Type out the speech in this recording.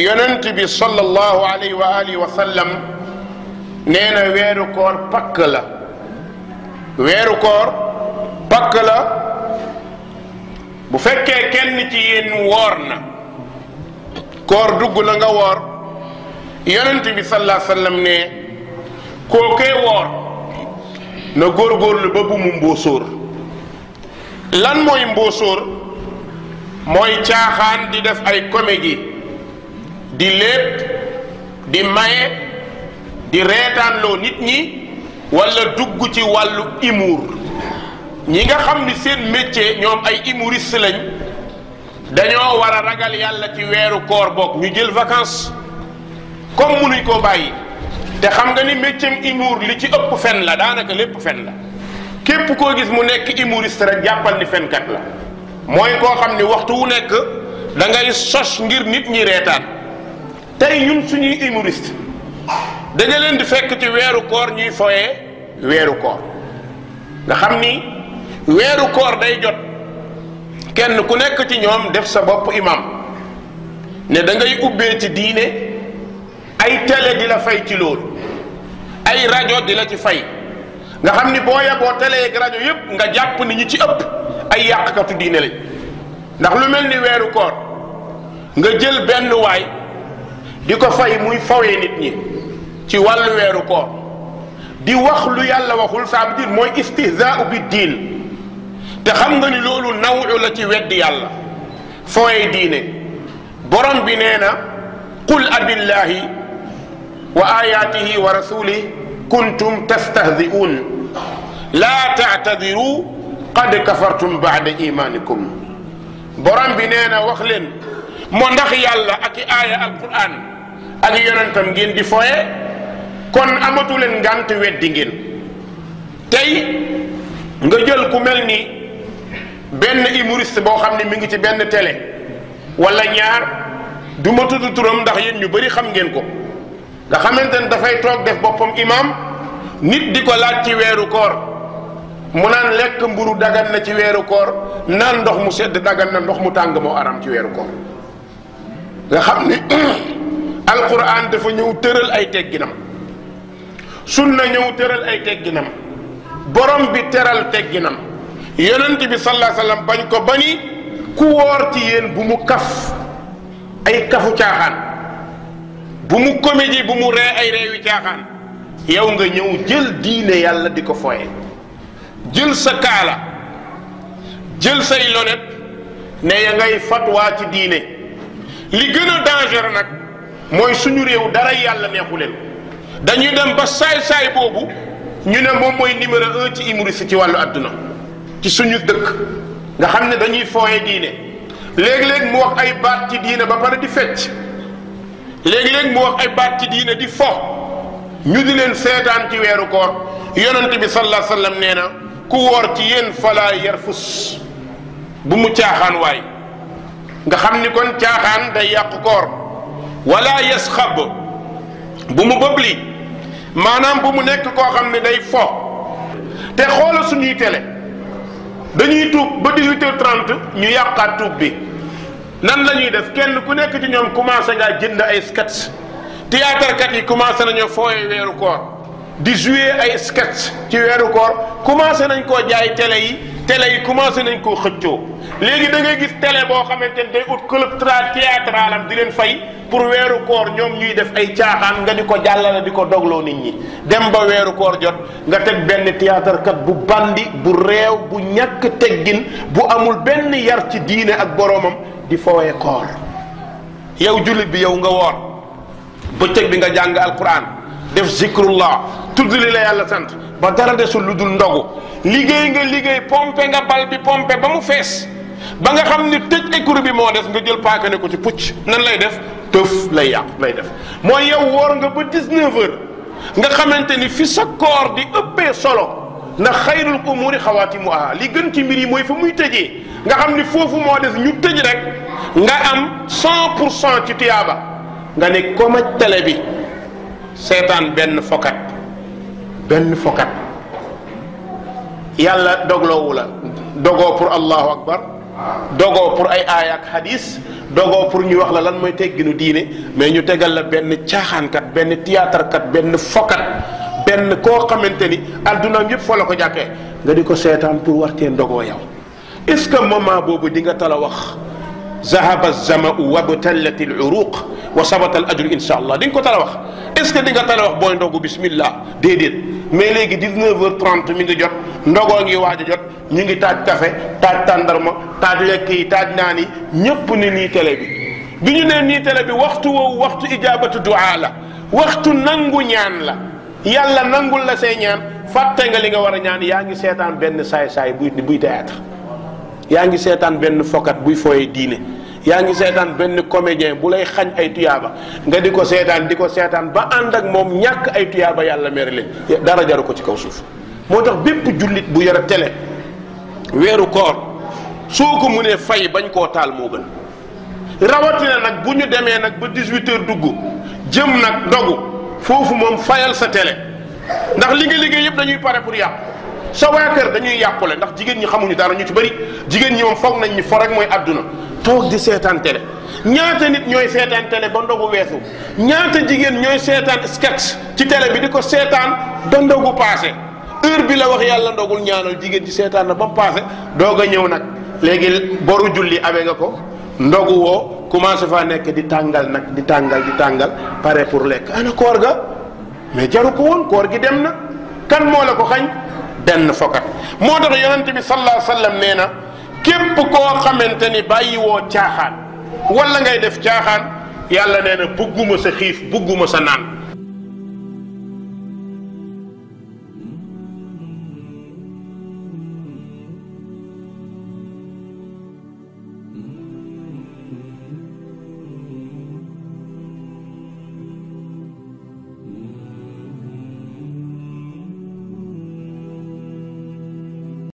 yonent bi sallallahu alayhi wa alihi wa sallam nee na weeru koor pakk la weeru koor pakk la bu fekkee kenn ci yéen woor na koor dugg la nga woor yonent bi sallallahu alayhi wa sallam ne kookee woor na góorgóorlu ba bu mbóosóor lan mooy mbóosóor mooy caaxaan di def ay gi di lépp di maye di reetaanloo nit ñi wala dugg ci wàllu humour ñi nga xam ni seen métier ñoom ay humoriste lañ dañoo war a ragal yàlla ci weeru koor boog ñu jël vacances comme munuñ koo bàyyi te xam nga ni métier humour li ci ëpp fenn la daanaka lépp fen la képp koo gis mu nekk humoriste rek jàppal ni fenkat la mooy koo xam ni waxtu wu nekk da ngay sos ngir nit ñi reetaan tey ñun suñuy humoriste da nga leen di fekk ci weeru koor ñuy foyee weeru koor nga xam ni weeru koor day jot kenn ku nekk ci ñoom def sa bopp imam ne dangay ngay ubbee ci diine ay télé di la fay ci loolu ay rajo di la ci fay nga xam ni boo yeboo télé ak rajo yëpp nga jàpp ni ñi ci ëpp ay yàqkatu diine lañ ndax lu mel ni weeru koor nga jël benn waay. di ko fay muy fawee nit ñi ci wàllu weeru koor di wax lu yàlla waxul ça veut mooy istihzaau bi diin te xam nga ni loolu nawu la ci weddi yàlla fooyee diine borom bi nee na qul abillahi wa ayatihi wa rasulih kuntum tastahzi'un laa taatadiru qad kafartum baada imanikum borom bi nee na moo ndax yàlla ak i aaya alquran ak yonentam ngeen di foye kon amatu leen ngànt weddi ngeen tey nga jël ku mel ni benn humoriste boo xam ne mi ngi ci benn télé wala ñaar du ma tudd ndax yéen ñu bari xam ngeen ko nga xamante ne dafay toog def boppam imam nit di ko laaj ci weeru koor mu naan lekk mburu dagan na ci weeru koor naan ndox mu sedd dagan na ndox mu tàng moo aram ci weeru koor nga xam ne alquran dafa ñëw tëral ay tegginam sunna ñëw tëral ay tegginam borom bi teral tegginam yonent bi sallallahu bañ ko ba ni ku woor ci yéen bu mu kaf ay kafu caaxaan bu mu comédie bu mu ree ay reewi caaxaan yow nga ñëw jël diine yàlla di ko foye jël sa kaala jël say lonet ne ya ngay fatwaa ci diine li gën a dangereux nag mooy suñu réew dara yàlla neexu leen dañuy dem ba saay-saay boobu ñu ne moom mooy numéro un ci humoriste ci wàllu àdduna ci suñu dëkk nga xam ne dañuy fooye diine léeg-léeg mu wax ay baat ci diine ba pare di fecc léeg-léeg mu wax ay baat ci diine di foo ñu di leen seetaan ci weeru koor yonent bi sallallahu alayhi wa sallam nee na ku woor ci yéen falaa yarfus bu mu caaxaan waay nga xam ni kon caaxaan day yàqu koor wala yasxab bu mu bëbli maanaam bu mu nekk koo xam ne day fo te xoola suñuy tele dañuy tuub ba 18 h ñu yàqaat tuub bi nan lañuy def kenn ku nekk ci ñoom commencé ngaa jënd ay sketch théâtre kat yi commencé nañoo fooye weeru koor di jouer ay sketch ci weeru koor commencé nañ koo jaay télé yi télé yi commencé nañ koo xëccoo léegi da ngay gis télé boo xamante ne day ut club théâtral am di leen fay pour weeru koor ñoom ñuy def ay caaxaan nga di ko jàllale di ko dogloo nit ñi dem ba weeru koor jot nga teg benn théâtre kat bu bandi bu reew bu ñàkk teggin bu amul benn yar ci diine ak boroomam di fowee koor yow jullit bi yow nga woor bëccëg bi nga jàng al alquran def zikrullah tudd li la yàlla sant ba dara desul lu dul ndogu liggéey nga liggéey pompe nga bal bi pompe ba mu fees ba nga xam ni tëj écrou bi moo des nga jël paaka ne ko ci pucc nan lay def tëf lay yàq lay def mooy yow woor nga ba 19 nga xamante ni fi sa koor di ëppee solo ndax xayrul umuri xawaatimuha li gën ci mbir yi mooy fa muy tëjee nga xam ni foofu moo des ñu tëj rek nga am 100 pour cent ci tuyaaba nga ne komaj tele bi seetaan benn fokat benn fokat yàlla dogloowu la dogoo pour allahu akbar dogoo pour ay aaya ak hadis dogoo pour ñuy wax la lan mooy tegginu diine mais ñu tegal la benn caaxaankat benn théâtre benn fokat benn koo xamante ni addunaam yëpp foo la ko jàkkee nga di ko seetaan pour war cee dogoo yow est ce que moment boobu di nga a wax zahaba zamau wabtallatil uruq wa sabatal ajru insha allah di ko tala wax est ce que di nga wax booy ndogu bismillah déedéet mais léegi 19 heures 30 mi ngi jot ndogoo ngi waaj a jot ñu ngi taaj café taaj tàndarma taaj lekk yi taaj naan yi ñëpp ne nii télé bi bi ñu nee nii télé bi waxtu woowu waxtu ijaabatu duaa la waxtu nangu ñaan la yàlla nangul la say ñaan fàtte nga li nga war a ñaan yaa ngi seetaan benn saay-saay buy buy théâtre yaa ngi seetaan benn fokat buy fooyee diine yaa ngi seetaan benn comédien bu lay xañ ay tuyaaba nga di ko seetaan di ko seetaan ba ànd ak moom ñàkk ay tuyaaba yàlla mere leen dara jaru ko ci kaw suuf moo tax bépp jullit bu yore télé weeru koor soo ko mënee fay bañ koo taal moo gën rawatina nag bu ñu demee nag ba 18 heures dugg jëm nag dogu foofu moom fayal sa télé ndax li nga liggéey yëpp dañuy pare pour yàqu sa waa kër dañuy yàqule ndax jigéen ñi xamuñu dara ñu ci bari jigéen ñi moom nañ ni fo mooy àdduna toog di seetaan télé ñaata nit ñooy seetaan télé ba ndogu weesu ñaata jigéen ñooy seetaan sketch ci télé bi di ko seetaan ba ndogu passé heure bi la wax yàlla ndogul ñaanal jigéen ci seetaan na ba mu passé doog a ñëw nag léegi boru julli amee nga ko ndogu woo commencé faa nekk di tàngal nag di tàngal di tàngal pare pour lekk ana koor ga mais jaru ko woon koor gi dem na kan moo la ko xañ denn fokat moo tax yonent bi sallallahu alayhi wa sallam na képp koo xamante ni bàyyi bàyyiwoo caaxaan wala ngay def caaxaan yàlla nee na bugguma sa xiif bugguma sa naan